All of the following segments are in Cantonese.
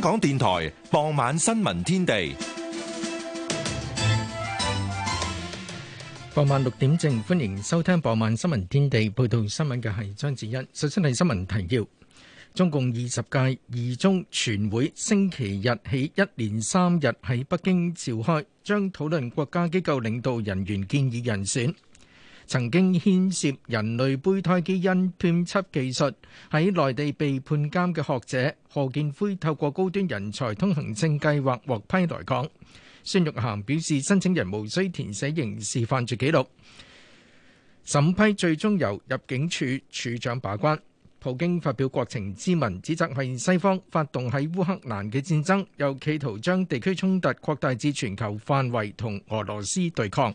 香港電台傍晚新聞天地，傍晚六點正歡迎收聽傍晚新聞天地。報道新聞嘅係張子欣。首先係新聞提要：中共二十屆二中全會星期日起一連三日喺北京召開，將討論國家機構領導人員建議人選。曾經牽涉人類胚胎基因編輯技術喺內地被判監嘅學者何建輝透過高端人才通行證計劃獲批來港。孫玉菡表示，申請人無需填寫刑事犯罪記錄，審批最終由入境處處長把關。普京發表國情咨文，指責係西方發動喺烏克蘭嘅戰爭，又企圖將地區衝突擴大至全球範圍，同俄羅斯對抗。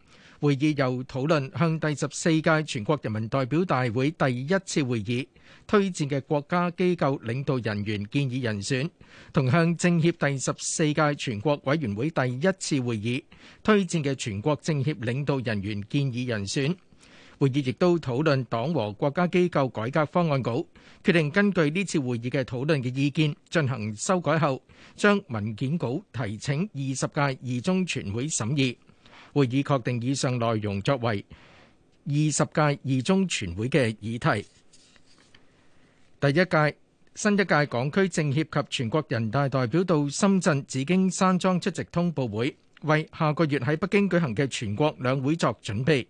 會議又討論向第十四屆全國人民代表大會第一次會議推薦嘅國家機構領導人員建議人選，同向政協第十四屆全國委員會第一次會議推薦嘅全國政協領導人員建議人選。會議亦都討論黨和國家機構改革方案稿，決定根據呢次會議嘅討論嘅意見進行修改後，將文件稿提請二十屆二中全會審議。會議確定以上內容作為二十屆二中全會嘅議題。第一屆、新一屆港區政協及全國人大代表到深圳紫荊山莊出席通報會，為下個月喺北京舉行嘅全國兩會作準備。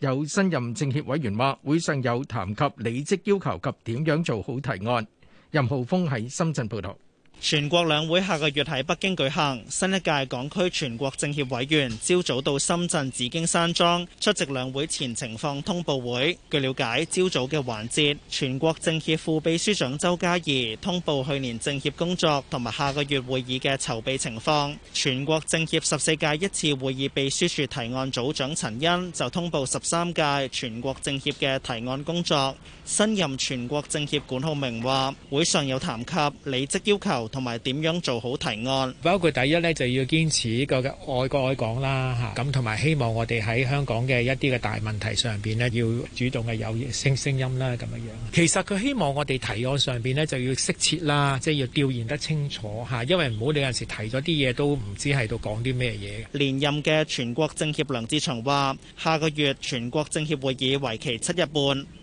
有新任政協委員話，會上有談及履職要求及點樣做好提案。任浩峰喺深圳報道。全國兩會下個月喺北京舉行，新一屆港區全國政協委員朝早到深圳紫荊山莊出席兩會前情況通報會。據了解，朝早嘅環節，全國政協副秘書長周家怡通報去年政協工作同埋下個月會議嘅籌備情況。全國政協十四屆一次會議秘書處提案組長陳茵就通報十三屆全國政協嘅提案工作。新任全國政協管浩明話，會上有談及履職要求。同埋點樣做好提案，包括第一咧，就要堅持個嘅愛國愛港啦吓，咁同埋希望我哋喺香港嘅一啲嘅大問題上邊咧，要主動嘅有聲聲音啦咁樣樣其實，佢希望我哋提案上邊咧，就要適切啦，即係要調研得清楚吓，因為唔好你有陣時提咗啲嘢都唔知喺度講啲咩嘢。連任嘅全國政協梁志祥話，下個月全國政協會議為期七日半，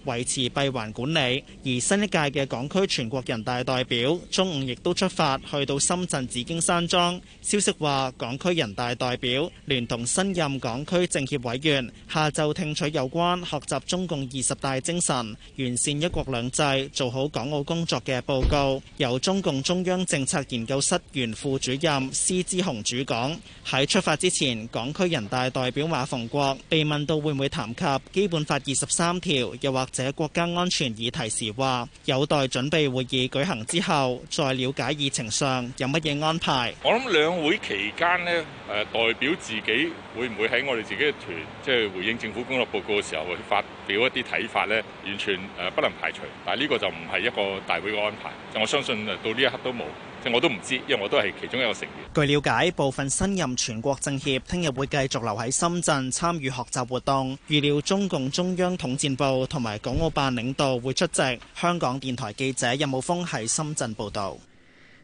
維持閉環管理。而新一屆嘅港區全國人大代表中午亦都出法去到深圳紫荊山莊，消息話港區人大代表聯同新任港區政協委員下晝聽取有關學習中共二十大精神、完善一國兩制、做好港澳工作嘅報告，由中共中央政策研究室原副主任施芝鴻主講。喺出發之前，港區人大代表馬逢國被問到會唔會談及《基本法》二十三條又或者國家安全議題時話，話有待準備會議舉行之後再了解。議程上有乜嘢安排？我諗兩會期間咧，誒、呃，代表自己會唔會喺我哋自己嘅團，即係回應政府工作報告嘅時候，發表一啲睇法咧，完全誒不能排除。但係呢個就唔係一個大會嘅安排，就我相信誒到呢一刻都冇，即係我都唔知，因為我都係其中一個成員。據了解，部分新任全國政協聽日會繼續留喺深圳參與學習活動。預料中共中央統戰部同埋港澳辦領導會出席。香港電台記者任武峰喺深圳報道。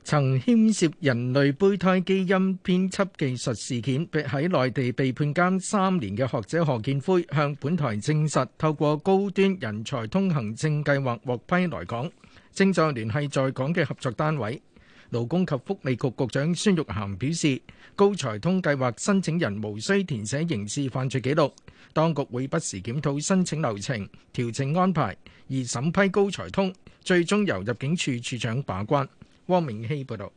曾牽涉人類胚胎基因編輯技術事件，喺內地被判監三年嘅學者賀建奎向本台證實，透過高端人才通行證計劃獲批來港，正在聯繫在港嘅合作單位。勞工及福利局局長孫玉菡表示，高才通計劃申請人無需填寫刑事犯罪記錄，當局會不時檢討申請流程、調整安排，而審批高才通最終由入境處處長把關。汪明熙報道。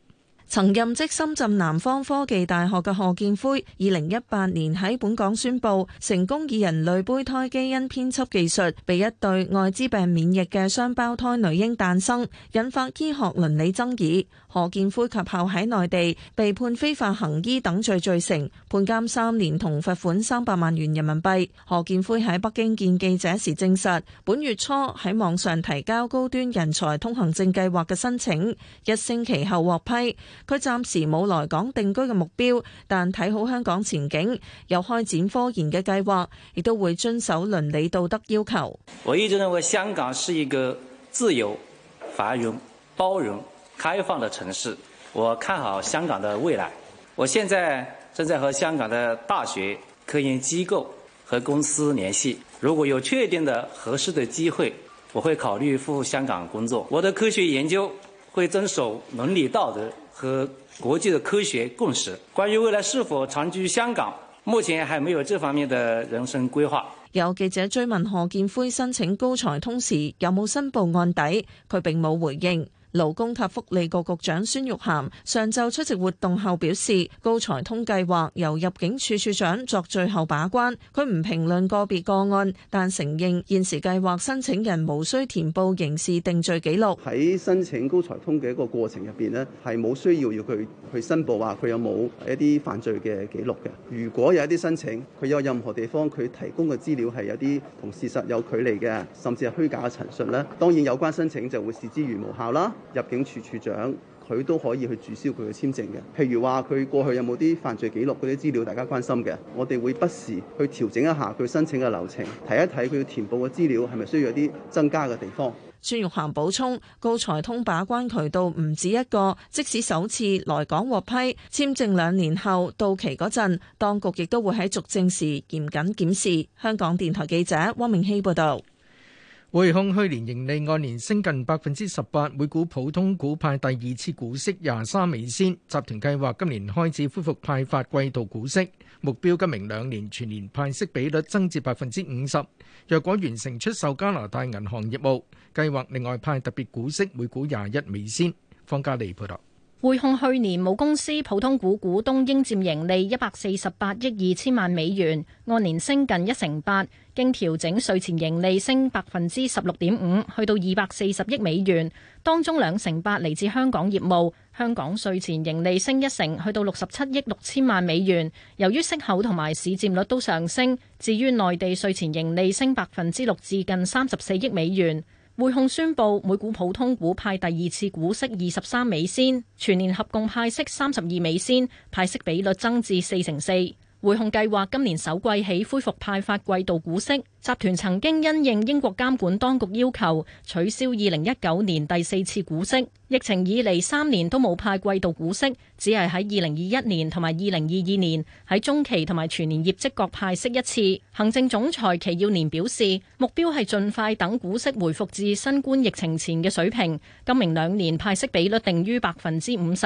曾任職深圳南方科技大學嘅何建輝，二零一八年喺本港宣布成功以人類胚胎基因編輯技術被一對艾滋病免疫嘅雙胞胎女嬰誕生，引發醫學倫理爭議。何建輝及後喺內地被判非法行醫等罪罪成，判監三年同罰款三百萬元人民幣。何建輝喺北京見記者時證實，本月初喺網上提交高端人才通行證計劃嘅申請，一星期後獲批。佢暫時冇來港定居嘅目標，但睇好香港前景，有開展科研嘅計劃，亦都會遵守倫理道德要求。我一直認為香港是一個自由、繁榮、包容、開放嘅城市，我看好香港的未來。我現在正在和香港的大學、科研機構和公司聯繫，如果有確定的合適的機會，我會考慮赴香港工作。我的科學研究會遵守倫理道德和國際的科學共識，關於未來是否長居香港，目前還沒有這方面的人生規劃。有記者追問何建輝申請高才通時有冇申報案底，佢並冇回應。勞工及福利局局長孫玉菡上晝出席活動後表示，高才通計劃由入境處處長作最後把關。佢唔評論個別個案，但承認現時計劃申請人無需填報刑事定罪記錄。喺申請高才通嘅一個過程入邊呢係冇需要要佢去申報話佢有冇一啲犯罪嘅記錄嘅。如果有一啲申請，佢有任何地方佢提供嘅資料係有啲同事實有距離嘅，甚至係虛假嘅陳述呢，當然有關申請就會視之如無效啦。入境處處長佢都可以去註銷佢嘅簽證嘅，譬如話佢過去有冇啲犯罪記錄嗰啲資料，大家關心嘅，我哋會不時去調整一下佢申請嘅流程，睇一睇佢要填報嘅資料係咪需要有啲增加嘅地方。孫玉菡補充，高才通把關渠道唔止一個，即使首次來港獲批簽證兩年後到期嗰陣，當局亦都會喺續證時嚴謹檢視。香港電台記者汪明希報導。滙控去年盈利按年升近百分之十八，每股普通股派第二次股息廿三美仙。集團計劃今年開始恢復派發季度股息，目標今明兩年全年派息比率增至百分之五十。若果完成出售加拿大銀行業務，計劃另外派特別股息每股廿一美仙。方家利報道。滙控去年母公司普通股股東應佔盈利一百四十八億二千萬美元，按年升近一成八。經調整稅前盈利升百分之十六點五，去到二百四十億美元，當中兩成八嚟自香港業務。香港稅前盈利升一成，去到六十七億六千萬美元。由於息口同埋市佔率都上升，至於內地稅前盈利升百分之六，至近三十四億美元。匯控宣佈每股普通股派第二次股息二十三美仙，全年合共派息三十二美仙，派息比率增至四成四。匯控計劃今年首季起恢復派發季度股息，集團曾經因應英國監管當局要求取消二零一九年第四次股息，疫情以嚟三年都冇派季度股息，只係喺二零二一年同埋二零二二年喺中期同埋全年業績各派息一次。行政總裁祁耀年表示，目標係盡快等股息回復至新冠疫情前嘅水平，今明兩年派息比率定於百分之五十。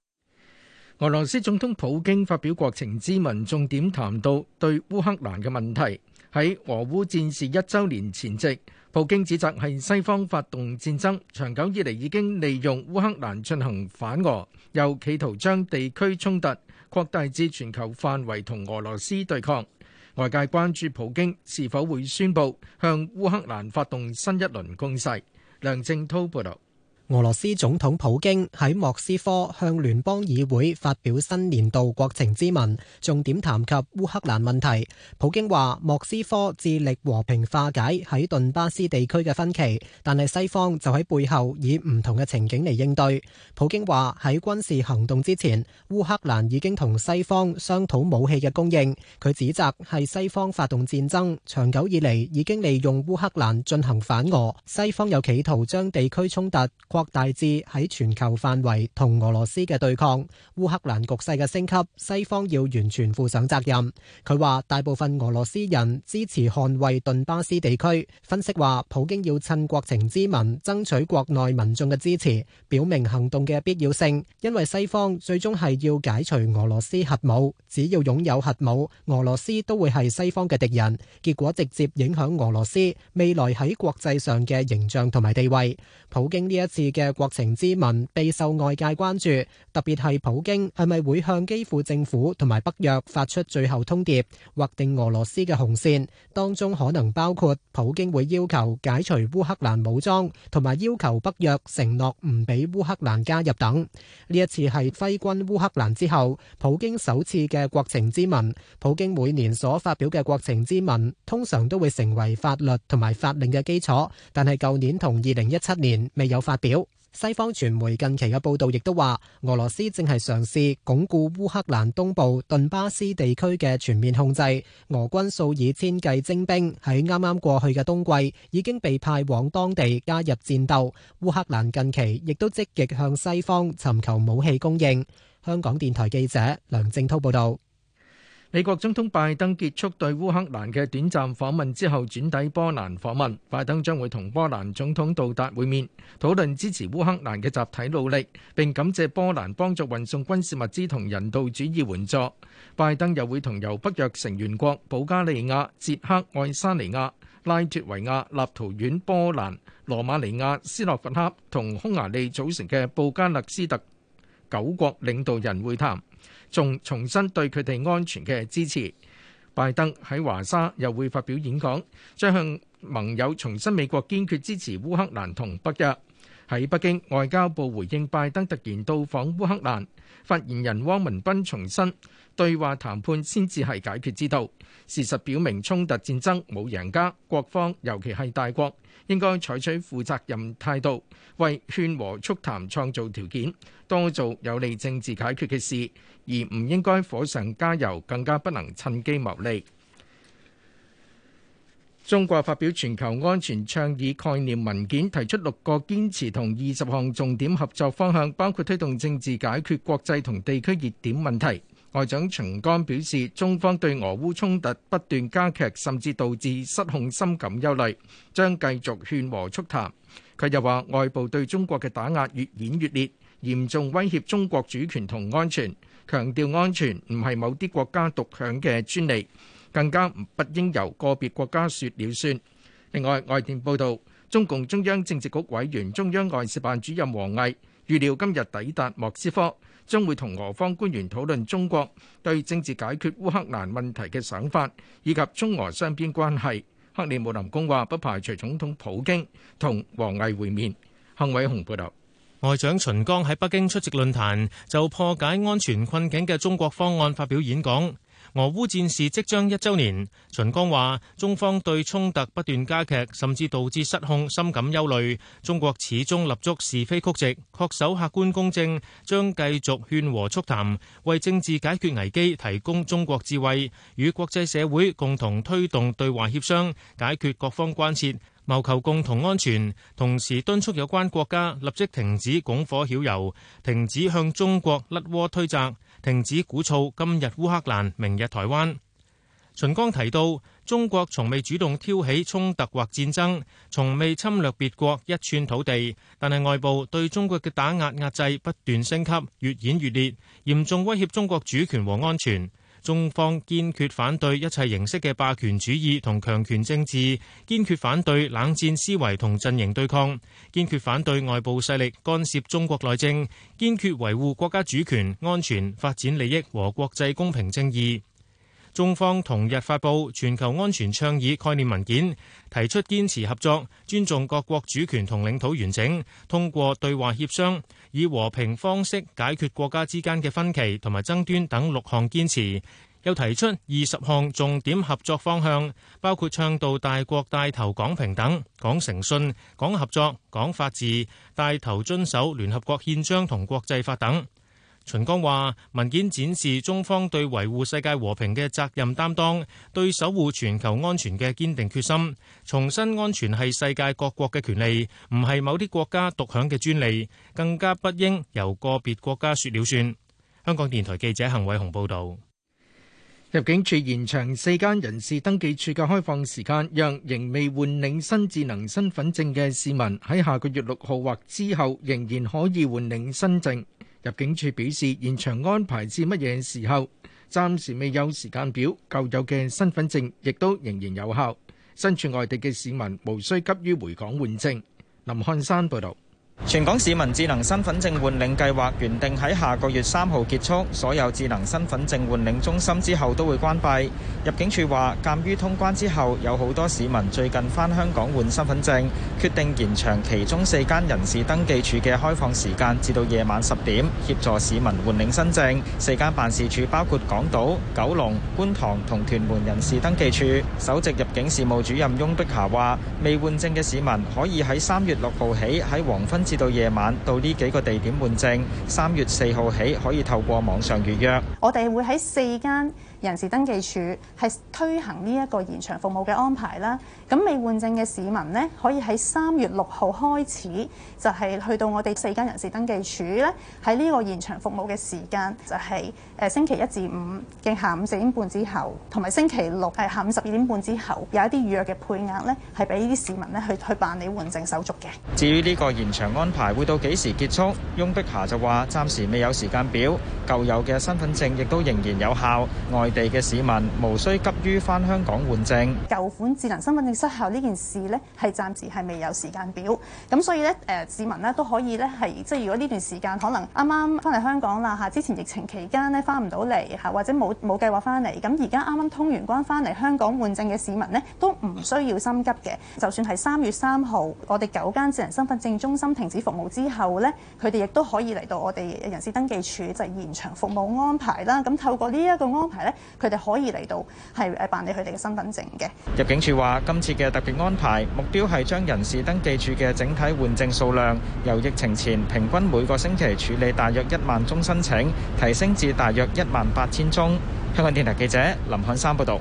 俄羅斯總統普京發表國情咨文，重點談到對烏克蘭嘅問題。喺俄烏戰事一周年前夕，普京指責係西方發動戰爭，長久以嚟已經利用烏克蘭進行反俄，又企圖將地區衝突擴大至全球範圍同俄羅斯對抗。外界關注普京是否會宣布向烏克蘭發動新一輪攻勢。梁正濤報道。俄羅斯總統普京喺莫斯科向聯邦議會發表新年度國情咨文，重點談及烏克蘭問題。普京話：莫斯科致力和平化解喺頓巴斯地區嘅分歧，但係西方就喺背後以唔同嘅情景嚟應對。普京話：喺軍事行動之前，烏克蘭已經同西方商討武器嘅供應。佢指責係西方發動戰爭，長久以嚟已經利用烏克蘭進行反俄。西方又企圖將地區衝突大致喺全球範圍同俄羅斯嘅對抗，烏克蘭局勢嘅升級，西方要完全負上責任。佢話大部分俄羅斯人支持捍衛頓巴斯地區。分析話，普京要趁國情之民爭取國內民眾嘅支持，表明行動嘅必要性，因為西方最終係要解除俄羅斯核武。只要擁有核武，俄羅斯都會係西方嘅敵人。結果直接影響俄羅斯未來喺國際上嘅形象同埋地位。普京呢一次。嘅國情咨文備受外界關注，特別係普京係咪會向基輔政府同埋北約發出最後通牒，劃定俄羅斯嘅紅線，當中可能包括普京會要求解除烏克蘭武裝，同埋要求北約承諾唔俾烏克蘭加入等。呢一次係揮軍烏克蘭之後，普京首次嘅國情咨文。普京每年所發表嘅國情咨文，通常都會成為法律同埋法令嘅基礎，但係舊年同二零一七年未有發表。西方傳媒近期嘅報道亦都話，俄羅斯正係嘗試鞏固烏克蘭東部頓巴斯地區嘅全面控制。俄軍數以千計精兵喺啱啱過去嘅冬季已經被派往當地加入戰鬥。烏克蘭近期亦都積極向西方尋求武器供應。香港電台記者梁正濤報道。美國總統拜登結束對烏克蘭嘅短暫訪問之後，轉抵波蘭訪問。拜登將會同波蘭總統杜達會面，討論支持烏克蘭嘅集體努力，並感謝波蘭幫助運送軍事物資同人道主義援助。拜登又會同由北約成員國保加利亞、捷克、愛沙尼亞、拉脱維亞、立陶宛、波蘭、羅馬尼亞、斯洛伐克同匈牙利組成嘅布加勒斯特九國領導人會談。仲重申對佢哋安全嘅支持。拜登喺華沙又會發表演講，將向盟友重申美國堅決支持烏克蘭同北約。喺北京，外交部回應拜登突然到訪烏克蘭，發言人汪文斌重申，對話談判先至係解決之道。事實表明，衝突戰爭冇贏家，各方尤其係大國，應該採取負責任態度，為勸和促談創造條件，多做有利政治解決嘅事，而唔應該火上加油，更加不能趁機牟利。中國發表全球安全倡議概念文件，提出六個堅持同二十項重點合作方向，包括推動政治解決國際同地區熱點問題。外長秦剛表示，中方對俄烏衝突不斷加劇甚至導致失控深感憂慮，將繼續勸和促談。佢又話，外部對中國嘅打壓越演越烈，嚴重威脅中國主權同安全，強調安全唔係某啲國家獨享嘅專利。更加唔不應由個別國家説了算。另外，外電報道，中共中央政治局委員、中央外事辦主任王毅預料今日抵達莫斯科，將會同俄方官員討論中國對政治解決烏克蘭問題嘅想法，以及中俄雙邊關係。克里姆林宮話不排除總統普京同王毅會面。幸偉雄報導，外長秦剛喺北京出席論壇，就破解安全困境嘅中國方案發表演講。俄烏戰事即將一週年，秦剛話：中方對衝突不斷加劇，甚至導致失控，深感憂慮。中國始終立足是非曲直，恪守客觀公正，將繼續勸和促談，為政治解決危機提供中國智慧，與國際社會共同推動對話協商，解決各方關切。謀求共同安全，同時敦促有關國家立即停止拱火澆油，停止向中國甩鍋推責，停止鼓噪今日烏克蘭明日台灣。秦剛提到，中國從未主動挑起衝突或戰爭，從未侵略別國一寸土地，但係外部對中國嘅打壓壓制不斷升級，越演越烈，嚴重威脅中國主權和安全。中方堅決反對一切形式嘅霸權主義同強權政治，堅決反對冷戰思維同陣營對抗，堅決反對外部勢力干涉中國內政，堅決維護國家主權、安全、發展利益和國際公平正義。中方同日發布《全球安全倡議概念文件》，提出堅持合作、尊重各國主權同領土完整、通過對話協商以和平方式解決國家之間嘅分歧同埋爭端等六項堅持，又提出二十項重點合作方向，包括倡導大國帶頭講平等、講誠信、講合作、講法治，帶頭遵守聯合國憲章同國際法等。秦剛話：文件展示中方對維護世界和平嘅責任擔當，對守護全球安全嘅堅定決心。重申安全係世界各國嘅權利，唔係某啲國家獨享嘅專利，更加不應由個別國家説了算。香港電台記者陳偉雄報道，入境處延長四間人事登記處嘅開放時間，讓仍未換領新智能身份證嘅市民喺下個月六號或之後仍然可以換領新證。入境處表示，現場安排至乜嘢時候，暫時未有時間表。舊有嘅身份證亦都仍然有效。身處外地嘅市民無需急於回港換證。林漢山報導。全港市民智能身份證換領計劃原定喺下個月三號結束，所有智能身份證換領中心之後都會關閉。入境處話，鑒於通關之後有好多市民最近返香港換身份證，決定延長其中四間人事登記處嘅開放時間至到夜晚十點，協助市民換領新證。四間辦事處包括港島、九龍、觀塘同屯門人事登記處。首席入境事務主任翁碧霞話，未換證嘅市民可以喺三月六號起喺黃昏。至到夜晚，到呢幾個地點換證，三月四號起可以透過網上預約。我哋會喺四間人事登記處係推行呢一個延長服務嘅安排啦，咁未換證嘅市民呢，可以喺三月六號開始就係去到我哋四間人事登記處呢，喺呢個延長服務嘅時間就係誒星期一至五嘅下午四點半之後，同埋星期六誒下午十二點半之後，有一啲預約嘅配額呢，係俾啲市民呢去去辦理換證手續嘅。至於呢個延長安排會到幾時結束，翁碧霞就話暫時未有時間表，舊有嘅身份證亦都仍然有效，外地嘅市民無需急於翻香港換證。舊款智能身份證失效呢件事呢，係暫時係未有時間表。咁所以呢，誒市民呢都可以呢，係即係如果呢段時間可能啱啱翻嚟香港啦，吓，之前疫情期間呢，翻唔到嚟，吓，或者冇冇計劃翻嚟，咁而家啱啱通完關翻嚟香港換證嘅市民呢，都唔需要心急嘅。就算係三月三號我哋九間智能身份證中心停止服務之後呢，佢哋亦都可以嚟到我哋人事登記處就係延長服務安排啦。咁透過呢一個安排呢，佢哋可以嚟到係誒，辦理佢哋嘅身份證嘅。入境處話，今次嘅特別安排目標係將人事登記處嘅整體換證數量，由疫情前平均每個星期處理大約一萬宗申請，提升至大約一萬八千宗。香港電台記者林漢山報道。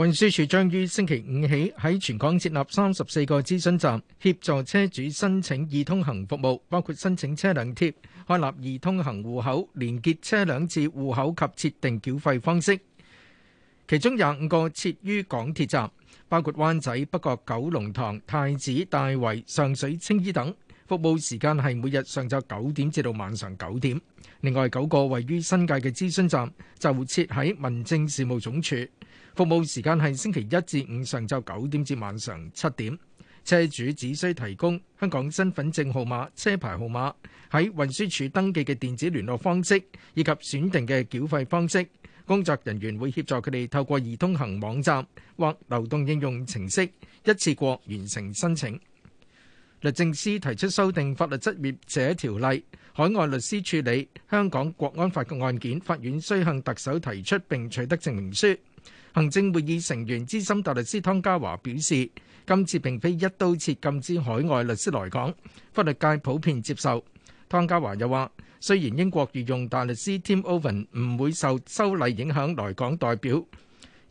運輸署將於星期五起喺全港設立三十四個諮詢站，協助車主申請易通行服務，包括申請車輛貼、開立易通行戶口、連結車輛至戶口及設定繳費方式。其中廿五個設於港鐵站，包括灣仔、北角、九龍塘、太子、大圍、上水、青衣等。服務時間係每日上晝九點至到晚上九點。另外九個位於新界嘅諮詢站就設喺民政事務總署，服務時間係星期一至五上晝九點至晚上七點。車主只需提供香港身份證號碼、車牌號碼、喺運輸署登記嘅電子聯絡方式以及選定嘅繳費方式，工作人員會協助佢哋透過易通行網站或流動應用程式一次過完成申請。律政司提出修訂法律執業者條例，海外律師處理香港國安法嘅案件，法院需向特首提出並取得證明書。行政會議成員資深大律師湯家驊表示，今次並非一刀切禁止海外律師來港，法律界普遍接受。湯家驊又話，雖然英國御用大律師 Tim Owen 唔會受修例影響來港代表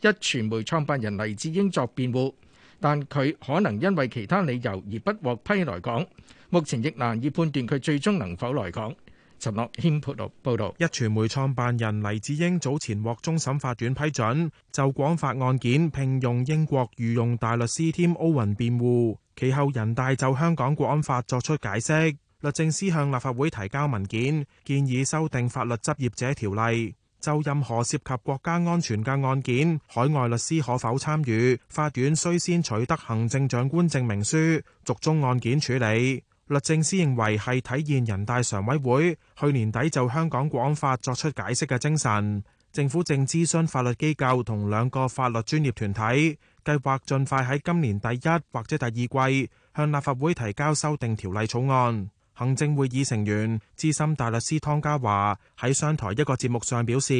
一傳媒創辦人黎智英作辯護。但佢可能因為其他理由而不獲批來港，目前亦難以判斷佢最終能否來港。陳樂謙報道，一傳媒創辦人黎智英早前獲終審法院批准就《國安法》案件聘用英國御用大律師添歐雲辯護。其後人大就香港《國安法》作出解釋，律政司向立法會提交文件，建議修訂法律執業者條例。就任何涉及國家安全嘅案件，海外律師可否參與？法院需先取得行政長官證明書，逐宗案件處理。律政司認為係體現人大常委會去年底就香港國安法作出解釋嘅精神。政府正諮詢法律機構同兩個法律專業團體，計劃盡快喺今年第一或者第二季向立法會提交修訂條例草案。行政會議成員資深大律師湯家驊喺商台一個節目上表示，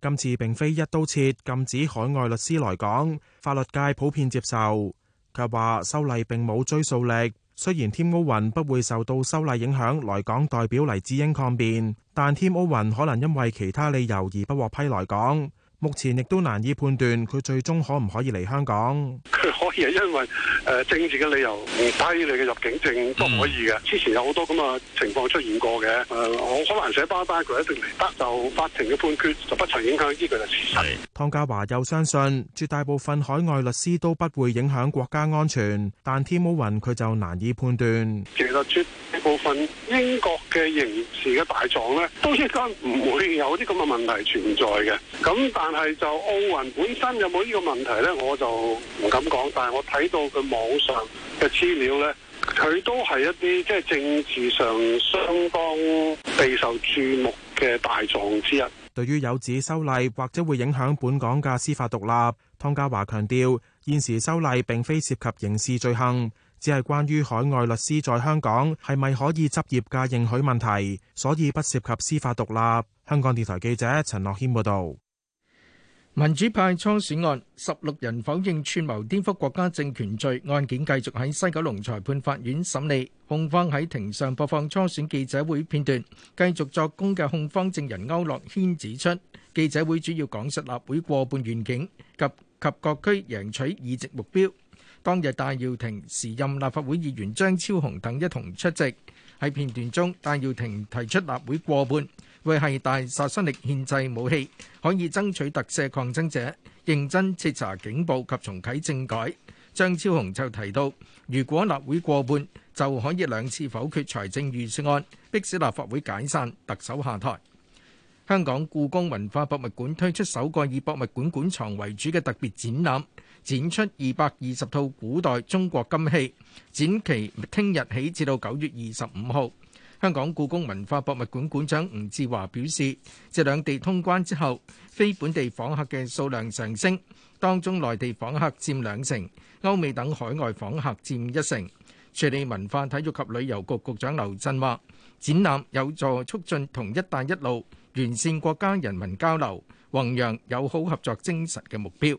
今次並非一刀切禁止海外律師來港，法律界普遍接受。佢話修例並冇追溯力，雖然添歐雲不會受到修例影響來港代表黎智英抗辯，但添歐雲可能因為其他理由而不獲批來港。目前亦都難以判斷佢最終可唔可以嚟香港。佢可以，係因為誒政治嘅理由唔批你嘅入境證都可以嘅。之前有好多咁嘅情況出現過嘅。誒，我可能寫包單佢一定嚟得，就法庭嘅判決，就不曾影響呢個就事實。湯家華又相信絕大部分海外律師都不會影響國家安全，但 Tim Owen，佢就難以判斷。其實部分英國嘅刑事嘅大狀呢，都應該唔會有啲咁嘅問題存在嘅。咁但係就奧運本身有冇呢個問題呢？我就唔敢講。但係我睇到佢網上嘅資料呢，佢都係一啲即係政治上相當備受注目嘅大狀之一。對於有指修例或者會影響本港嘅司法獨立，湯家驊強調，現時修例並非涉及刑事罪行。只係關於海外律師在香港係咪可以執業嘅認許問題，所以不涉及司法獨立。香港電台記者陳樂軒報導。民主派初選案，十六人否認串謀顛覆國家政權罪案件，繼續喺西九龍裁判法院審理。控方喺庭上播放初選記者會片段，繼續作供嘅控方證人歐樂軒指出，記者會主要講述立會過半願景及及各區贏取議席目標。當日戴耀廷時任立法會議員張超雄等一同出席。喺片段中，戴耀廷提出立會過半會係大殺傷力憲制武器，可以爭取特赦抗爭者，認真徹查警暴及重啟政改。張超雄就提到，如果立會過半，就可以兩次否決財政預算案，迫使立法會解散，特首下台。香港故宮文化博物館推出首個以博物館館藏為主嘅特別展覽。展出二百二十套古代中國金器，展期聽日起至到九月二十五號。香港故宮文化博物館館長吳志華表示，自兩地通關之後，非本地訪客嘅數量上升，當中內地訪客佔兩成，歐美等海外訪客佔一成。署理文化體育及旅遊局局長劉振話，展覽有助促進同一帶一路，完善國家人民交流，弘揚友好合作精神嘅目標。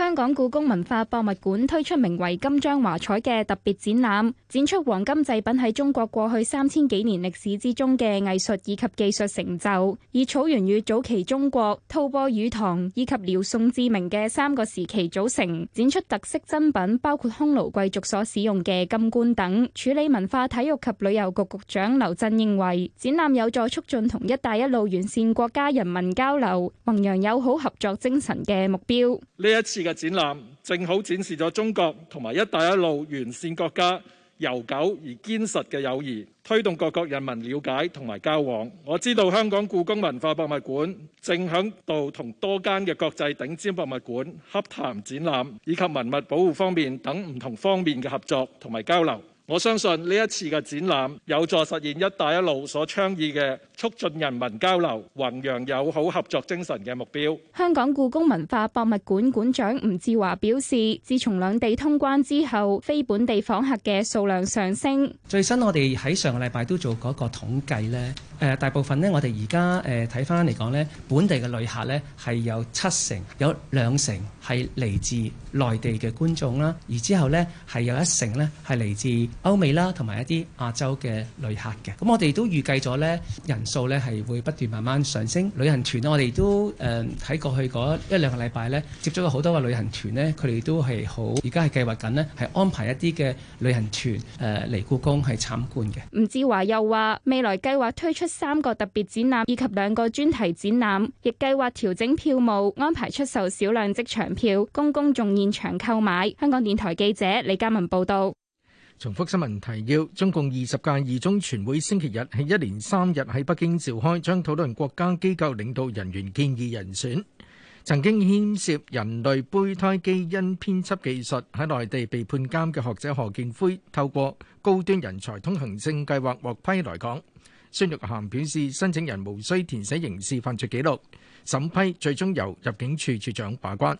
香港故宮文化博物館推出名為《金章華彩》嘅特別展覽，展出黃金製品喺中國過去三千幾年歷史之中嘅藝術以及技術成就，以草原與早期中國、吐蕃與唐以及遼宋至明嘅三個時期組成，展出特色珍品包括匈奴貴族所使用嘅金冠等。處理文化體育及旅遊局局長劉振認為，展覽有助促進同“一帶一路”沿線國家人民交流，弘揚友好合作精神嘅目標。呢一次嘅展覽正好展示咗中國同埋「一帶一路」沿線國家悠久而堅實嘅友誼，推動各國人民了解同埋交往。我知道香港故宮文化博物館正響度同多間嘅國際頂尖博物館洽談展覽，以及文物保護方面等唔同方面嘅合作同埋交流。我相信呢一次嘅展覽有助實現「一帶一路」所倡議嘅。促進人民交流，弘揚友好合作精神嘅目標。香港故宮文化博物館館長吳志華表示，自從兩地通關之後，非本地訪客嘅數量上升。最新我哋喺上個禮拜都做嗰個統計咧，誒、呃、大部分咧，我哋而家誒睇翻嚟講咧，本地嘅旅客咧係有七成，有兩成係嚟自內地嘅觀眾啦，而之後咧係有一成咧係嚟自歐美啦，同埋一啲亞洲嘅旅客嘅。咁我哋都預計咗咧人數呢係會不斷慢慢上升，旅行團咧，我哋都誒喺、呃、過去嗰一兩個禮拜咧，接觸過好多個旅行團呢，佢哋都係好，而家係計劃緊呢，係安排一啲嘅旅行團誒嚟、呃、故宮係參觀嘅。吳志華又話：未來計劃推出三個特別展覽以及兩個專題展覽，亦計劃調整票務，安排出售少量即場票，供公眾現場購買。香港電台記者李嘉文報道。重複新聞提要：中共二十屆二中全會星期日係一連三日喺北京召開，將討論國家機構領導人員建議人選。曾經牽涉人類胚胎基因編輯技術喺內地被判監嘅學者何建輝，透過高端人才通行證計劃獲批來港。孫玉菡表示，申請人無需填寫刑事犯罪記錄，審批最終由入境處處長把關。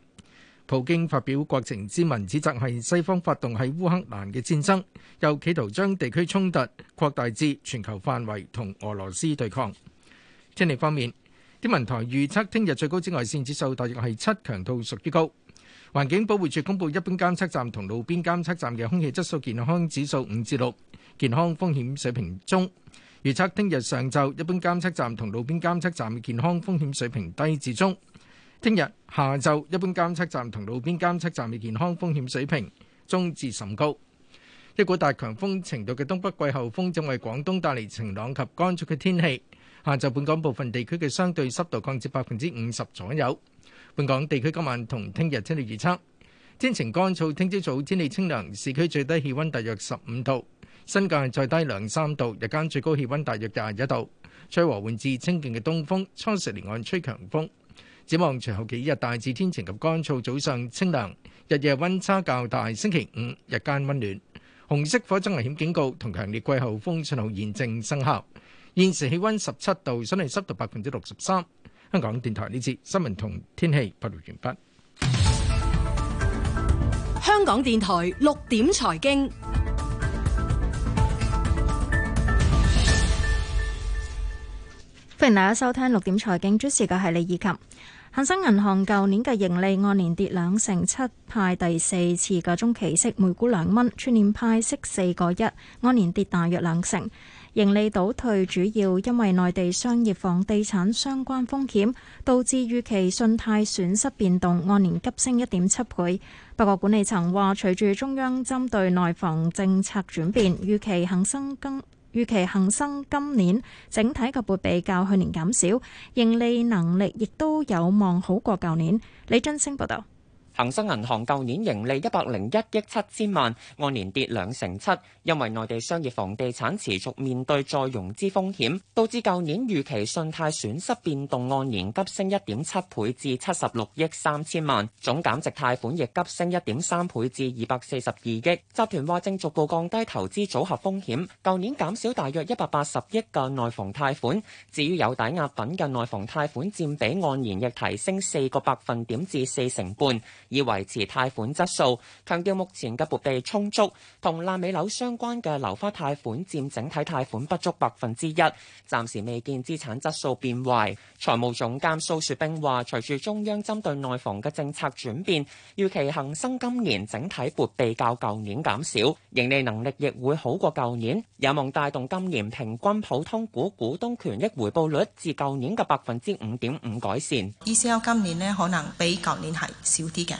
普京發表國情咨文，指責係西方發動喺烏克蘭嘅戰爭，又企圖將地區衝突擴大至全球範圍，同俄羅斯對抗。天氣方面，天文台預測聽日最高紫外線指數大約係七，強度屬於高。環境保護署公布，一般監測站同路邊監測站嘅空氣質素健康指數五至六，健康風險水平中。預測聽日上晝一般監測站同路邊監測站嘅健康風險水平低至中。聽日下晝一般監測站同路邊監測站嘅健康風險水平中至甚高。一股大強風程度嘅東北季候風正為廣東帶嚟晴朗及乾燥嘅天氣。下晝本港部分地區嘅相對濕度降至百分之五十左右。本港地區今晚同聽日天氣預測：天晴乾燥，聽朝早天氣清涼，市區最低氣温大約十五度，新界再低兩三度，日間最高氣温大約廿一度，吹和緩至清勁嘅東風，初時離岸吹強風。展望隨後幾日，大致天晴及乾燥，早上清涼，日夜温差較大。星期五日間温暖。紅色火災危險警告同強烈季候風信號現正生效。現時氣温十七度，相對濕度百分之六十三。香港電台呢次新聞同天氣報道完畢。香港電台六點財經，歡迎大家收聽六點財經，主持嘅係李以琴。恒生銀行舊年嘅盈利按年跌兩成七，派第四次嘅中期息每股兩蚊，全年派息四個一，按年跌大約兩成。盈利倒退主要因為內地商業房地產相關風險，導致預期信貸損失變動按年急升一點七倍。不過，管理層話隨住中央針對內房政策轉變，預期恒生更預期恒生今年整體嘅撥備較去年減少，盈利能力亦都有望好過舊年。李津升報導。恒生銀行舊年盈利一百零一億七千萬，按年跌兩成七，因為內地商業房地產持續面對再融資風險，導致舊年預期信貸損失變動按年急升一點七倍至七十六億三千萬，總減值貸款亦急升一點三倍至二百四十二億。集團話正逐步降低投資組合風險，舊年減少大約一百八十億嘅內房貸款，至於有抵押品嘅內房貸款佔比按年亦提升四個百分點至四成半。以維持貸款質素，強調目前嘅撥備充足，同爛尾樓相關嘅樓花貸款佔整體貸款不足百分之一，暫時未見資產質素變壞。財務總監蘇雪冰話，隨住中央針對內房嘅政策轉變，預期恒生今年整體撥備較舊年減少，盈利能力亦會好過舊年，有望帶動今年平均普通股股東權益回報率至舊年嘅百分之五點五改善。意思係今年呢，可能比舊年係少啲嘅。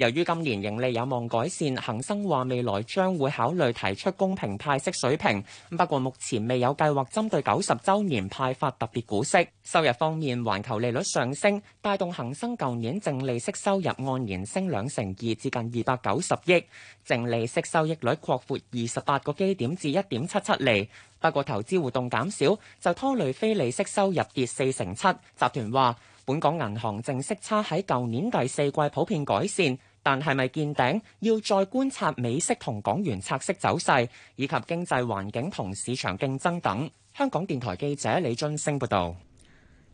由於今年盈利有望改善，恒生話未來將會考慮提出公平派息水平。不過目前未有計劃針對九十週年派發特別股息。收入方面，環球利率上升，帶動恒生舊年淨利息收入按年升兩成二，至近二百九十億，淨利息收益率擴闊二十八個基點至一點七七厘。不過投資活動減少就拖累非利息收入跌四成七。集團話本港銀行淨息差喺舊年第四季普遍改善。但係咪見頂？要再觀察美息同港元拆息走勢，以及經濟環境同市場競爭等。香港電台記者李俊升報導。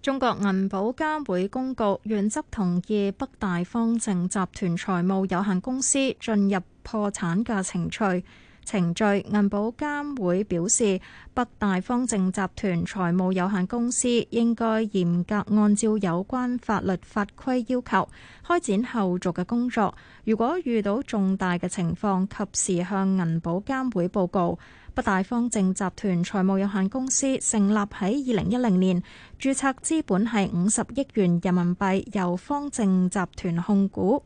中國銀保監會公告，原則同意北大方正集團財務有限公司進入破產嘅程序。程序，銀保監會表示，北大方正集團財務有限公司應該嚴格按照有關法律法規要求，開展後續嘅工作。如果遇到重大嘅情況，及時向銀保監會報告。北大方正集團財務有限公司成立喺二零一零年，註冊資本係五十億元人民幣，由方正集團控股。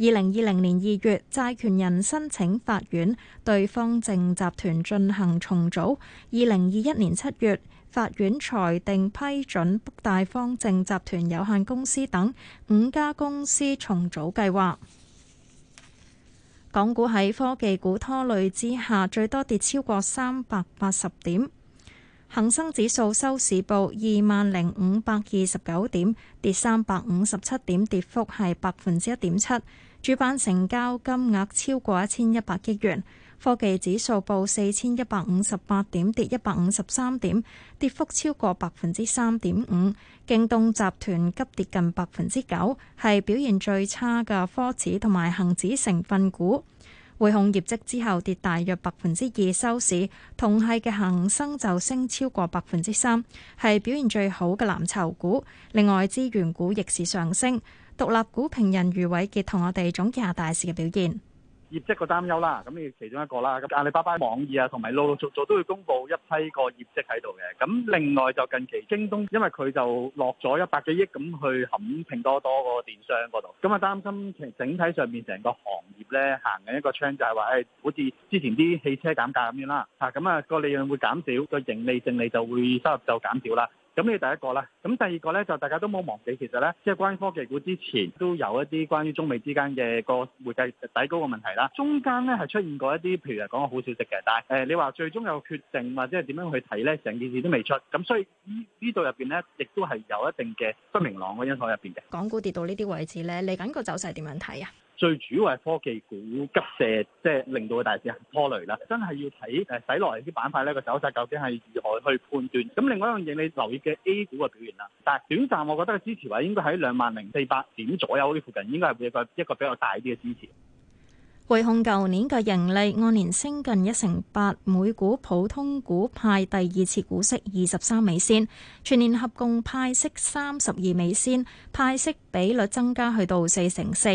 二零二零年二月，債權人申請法院對方正集團進行重組，二零二一年七月，法院裁定批准北大方正集團有限公司等五家公司重組計劃。港股喺科技股拖累之下，最多跌超過三百八十點，恒生指數收市報二萬零五百二十九點，跌三百五十七點，跌幅係百分之一點七。主板成交金額超過一千一百億元，科技指數報四千一百五十八點，跌一百五十三點，跌幅超過百分之三點五。京東集團急跌近百分之九，係表現最差嘅科指同埋恒指成分股。匯控業績之後跌大約百分之二收市，同係嘅恒生就升超過百分之三，係表現最好嘅藍籌股。另外，資源股逆市上升。獨立股評人余偉杰同我哋總結下大市嘅表現，業績個擔憂啦，咁亦其中一個啦。咁阿里巴巴、網易啊，同埋陸陸續續都會公布一批個業績喺度嘅。咁另外就近期京東，因為佢就落咗一百幾億咁去冚拼多多個電商嗰度，咁啊擔心其實整體上面成個行業咧行緊一個窗就係話誒，好似之前啲汽車減價咁樣啦，吓咁啊個利潤會減少，個盈利淨利就會收入就減少啦。咁呢個第一個啦。咁第二個咧，就大家都冇忘記，其實咧，即係關於科技股之前都有一啲關於中美之間嘅個會計底稿嘅問題啦。中間咧係出現過一啲，譬如講個好消息嘅，但係誒、呃，你話最終有決定或者係點樣去睇咧，成件事都未出，咁所以呢呢度入邊咧，亦都係有一定嘅不明朗嘅因素入邊嘅。港股跌到呢啲位置咧，嚟緊個走勢點樣睇啊？最主要係科技股急射，即係令到個大市拖累啦。真係要睇誒使落嚟啲板塊呢個走勢，究竟係如何去判斷？咁另外一樣嘢，你留意嘅 A 股嘅表現啦。但係短暫，我覺得嘅支持位應該喺兩萬零四百點左右呢附近，應該係會個一個比較大啲嘅支持。匯控舊年嘅盈利按年升近一成八，每股普通股派第二次股息二十三美仙，全年合共派息三十二美仙，派息比率增加去到四成四，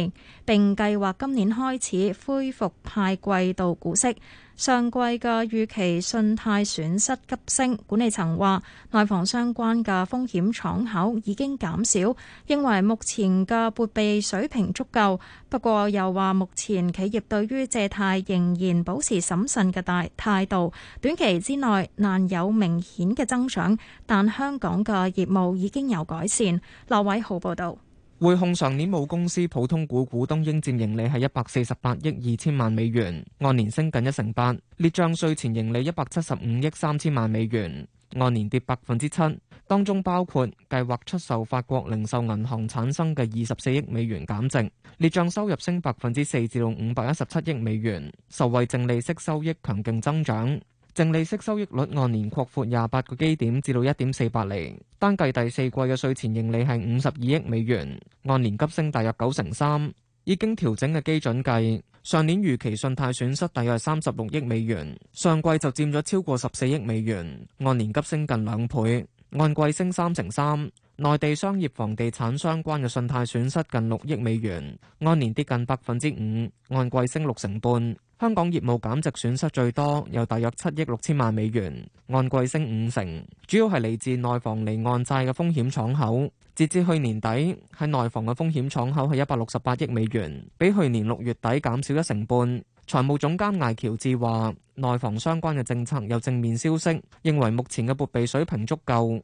並計劃今年開始恢復派季度股息。上季嘅預期信貸損失急升，管理層話內房相關嘅風險敞口已經減少，認為目前嘅撥備水平足夠，不過又話目前企業對於借貸仍然保持審慎嘅態態度，短期之內難有明顯嘅增長，但香港嘅業務已經有改善。劉偉豪報道。匯控上年母公司普通股股東應佔盈利係一百四十八億二千萬美元，按年升近一成八。列賬稅前盈利一百七十五億三千萬美元，按年跌百分之七，當中包括計劃出售法國零售銀行產生嘅二十四億美元減值。列賬收入升百分之四至到五百一十七億美元，受惠淨利息收益強勁增長。淨利息收益率按年擴闊廿八個基點至到一點四八厘，單計第四季嘅稅前盈利係五十二億美元，按年急升大約九成三。已經調整嘅基準計，上年預期信貸損失大約三十六億美元，上季就佔咗超過十四億美元，按年急升近兩倍，按季升三成三。內地商業房地產相關嘅信貸損失近六億美元，按年跌近百分之五，按季升六成半。香港業務減值損失最多，有大約七億六千萬美元，按季升五成，主要係嚟自內房離岸債嘅風險敞口。截至去年底，喺內房嘅風險敞口係一百六十八億美元，比去年六月底減少一成半。財務總監艾喬治話：內房相關嘅政策有正面消息，認為目前嘅撥備水平足夠。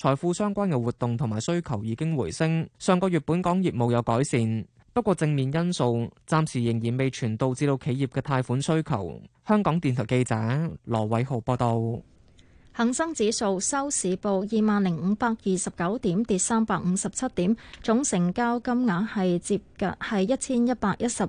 財富相關嘅活動同埋需求已經回升，上個月本港業務有改善，不過正面因素暫時仍然未傳導至到企業嘅貸款需求。香港電台記者羅偉豪報道。恒生指數收市報二萬零五百二十九點，跌三百五十七點，總成交金額係接近係一千一百一十，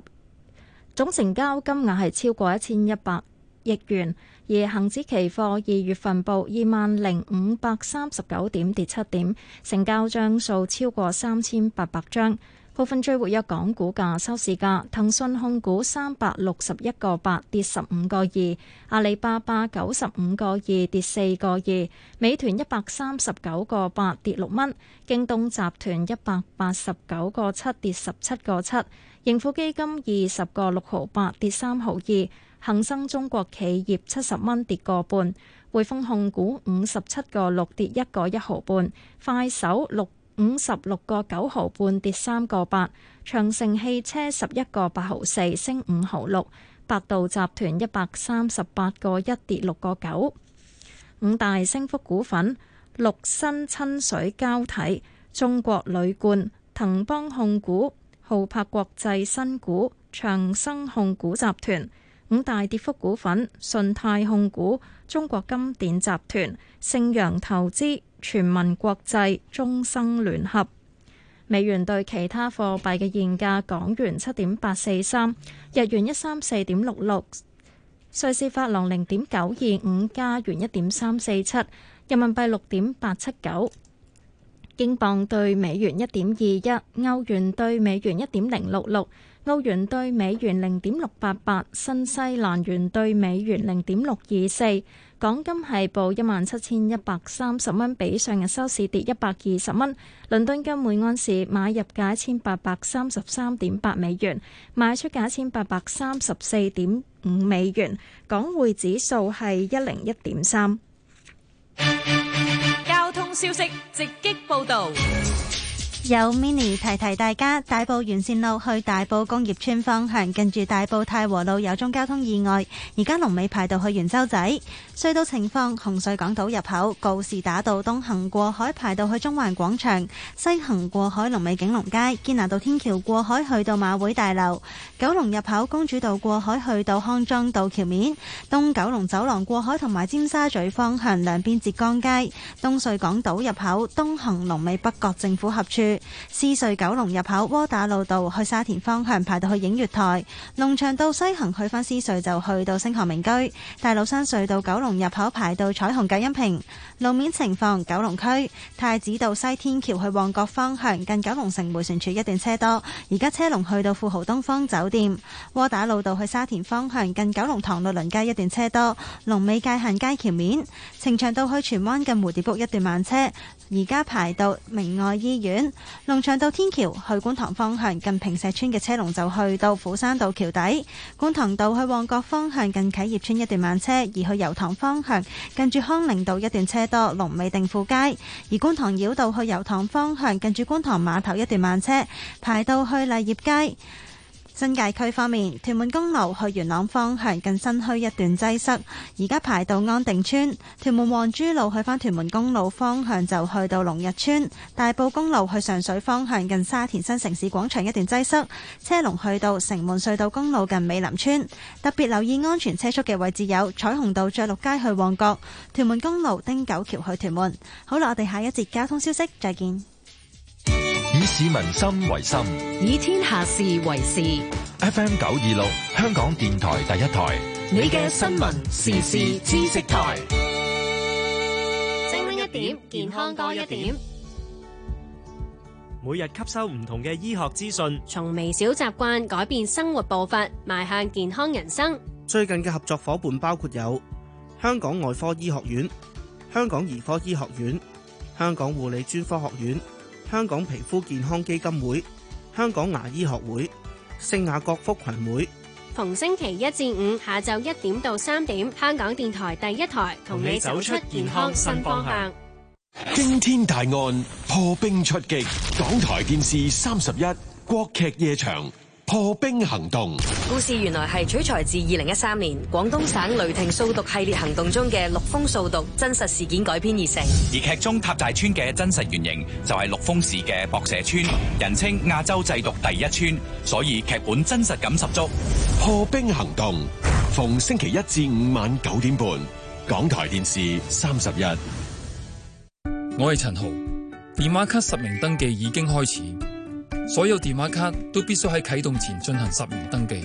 總成交金額係超過一千一百億元。而恒指期貨二月份報二萬零五百三十九點，跌七點，成交張數超過三千八百張。部分追活一港股價收市價：騰訊控股三百六十一個八跌十五個二，阿里巴巴九十五個二跌四個二，美團一百三十九個八跌六蚊，京東集團一百八十九個七跌十七個七，盈富基金二十個六毫八跌三毫二。恒生中國企業七十蚊跌個半，匯豐控股五十七個六跌一個一毫半，快手六五十六個九毫半跌三個八，長城汽車十一個八毫四升五毫六，百度集團一百三十八個一跌六個九，五大升幅股份：六新親水膠體、中國鋁罐、騰邦控股、浩柏國際新股、長生控股集團。五大跌幅股份：信泰控股、中國金典集團、盛陽投資、全民國際、終生聯合。美元對其他貨幣嘅現價：港元七點八四三，日元一三四點六六，瑞士法郎零點九二五，加元一點三四七，人民幣六點八七九，英鎊對美元一點二一，歐元對美元一點零六六。歐元兌美元零點六八八，新西蘭元兌美元零點六二四。港金係報一萬七千一百三十蚊，比上日收市跌一百二十蚊。倫敦金每安士買入價一千八百三十三點八美元，賣出價一千八百三十四點五美元。港匯指數係一零一點三。交通消息直擊報道。有 mini 提提大家，大埔完善路去大埔工業村方向，近住大埔太和路有宗交通意外。而家龍尾排到去元洲仔隧道情況，紅隧港島入口告士打道東行過海排到去中環廣場，西行過海龍尾景隆街堅拿道天橋過海去到馬會大樓。九龍入口公主道過海去到康莊道橋面，東九龍走廊過海同埋尖沙咀方向兩邊浙江街，東隧港島入口東行龍尾北角政府合處。獅隧九龍入口窩打老道去沙田方向排到去映月台，龍翔道西行去翻獅隧就去到星河名居，大老山隧道九龍入口排到彩虹隔音屏路面情況，九龍區太子道西天橋去旺角方向近九龍城回旋處一段車多，而家車龍去到富豪東方酒店，窩打老道去沙田方向近九龍塘律倫街一段車多，龍尾界限街橋面，呈祥道去荃灣近蝴蝶谷一段慢車，而家排到明愛醫院。龍翔道天橋去觀塘方向近坪石村嘅車龍就去到斧山道橋底；觀塘道去旺角方向近啟業村一段慢車；而去油塘方向近住康寧道一段車多；龍尾定富街；而觀塘繞道去油塘方向近住觀塘碼頭一段慢車排到去勵業街。新界區方面，屯門公路去元朗方向近新墟一段擠塞，而家排到安定村；屯門黃珠路去返屯門公路方向就去到龍日村；大埔公路去上水方向近沙田新城市廣場一段擠塞，車龍去到城門隧道公路近美林村。特別留意安全車速嘅位置有彩虹道爵祿街去旺角、屯門公路汀九橋去屯門。好啦，我哋下一節交通消息，再見。以市民心為心，以天下事為事。FM 九二六，香港電台第一台，你嘅新聞時事知識台，精靈一點，健康多一點。一點每日吸收唔同嘅醫學資訊，從微小習慣改變生活步伐，邁向健康人生。最近嘅合作伙伴包括有香港外科醫學院、香港兒科醫學院、香港護理專科學院。香港皮膚健康基金會、香港牙醫學會、聖雅各福群會，逢星期一至五下晝一點到三點，香港電台第一台同你走出健康新方向。驚天大案破冰出擊，港台電視三十一，國劇夜場。破冰行動，故事原來係取材自二零一三年廣東省雷霆掃毒系列行動中嘅陸豐掃毒真實事件改編而成。而劇中塔寨村嘅真實原型就係陸豐市嘅博社村，人稱亞洲製毒第一村，所以劇本真實感十足。破冰行動，逢星期一至五晚九點半，港台電視三十一。我係陳豪，電話卡實名登記已經開始。所有電話卡都必須喺啟動前進行實名登記。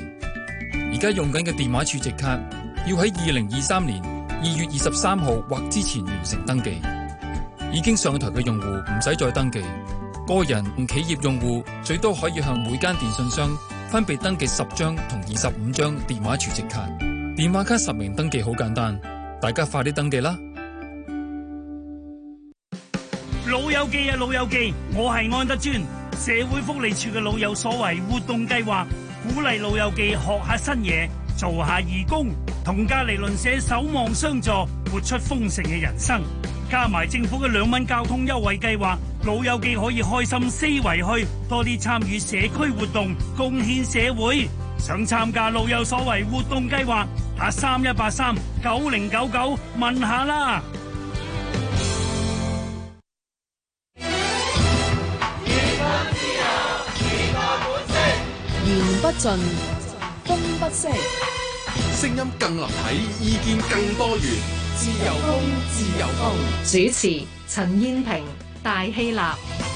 而家用緊嘅電話儲值卡要喺二零二三年二月二十三號或之前完成登記。已經上台嘅用戶唔使再登記。個人同企業用戶最多可以向每間電信商分別登記十張同二十五張電話儲值卡。電話卡實名登記好簡單，大家快啲登記啦！老友記啊，老友記，我係安德尊。社會福利署嘅老有所為活動計劃，鼓勵老友記學下新嘢，做下義工，同隔籬鄰舍守望相助，活出豐盛嘅人生。加埋政府嘅兩蚊交通優惠計劃，老友記可以開心四圍去，多啲參與社區活動，貢獻社會。想參加老有所為活動計劃，打三一八三九零九九問下啦。言不盡，風不息。聲音更立體，意見更多元。自由風，自由風。主持：陳燕萍，戴希立。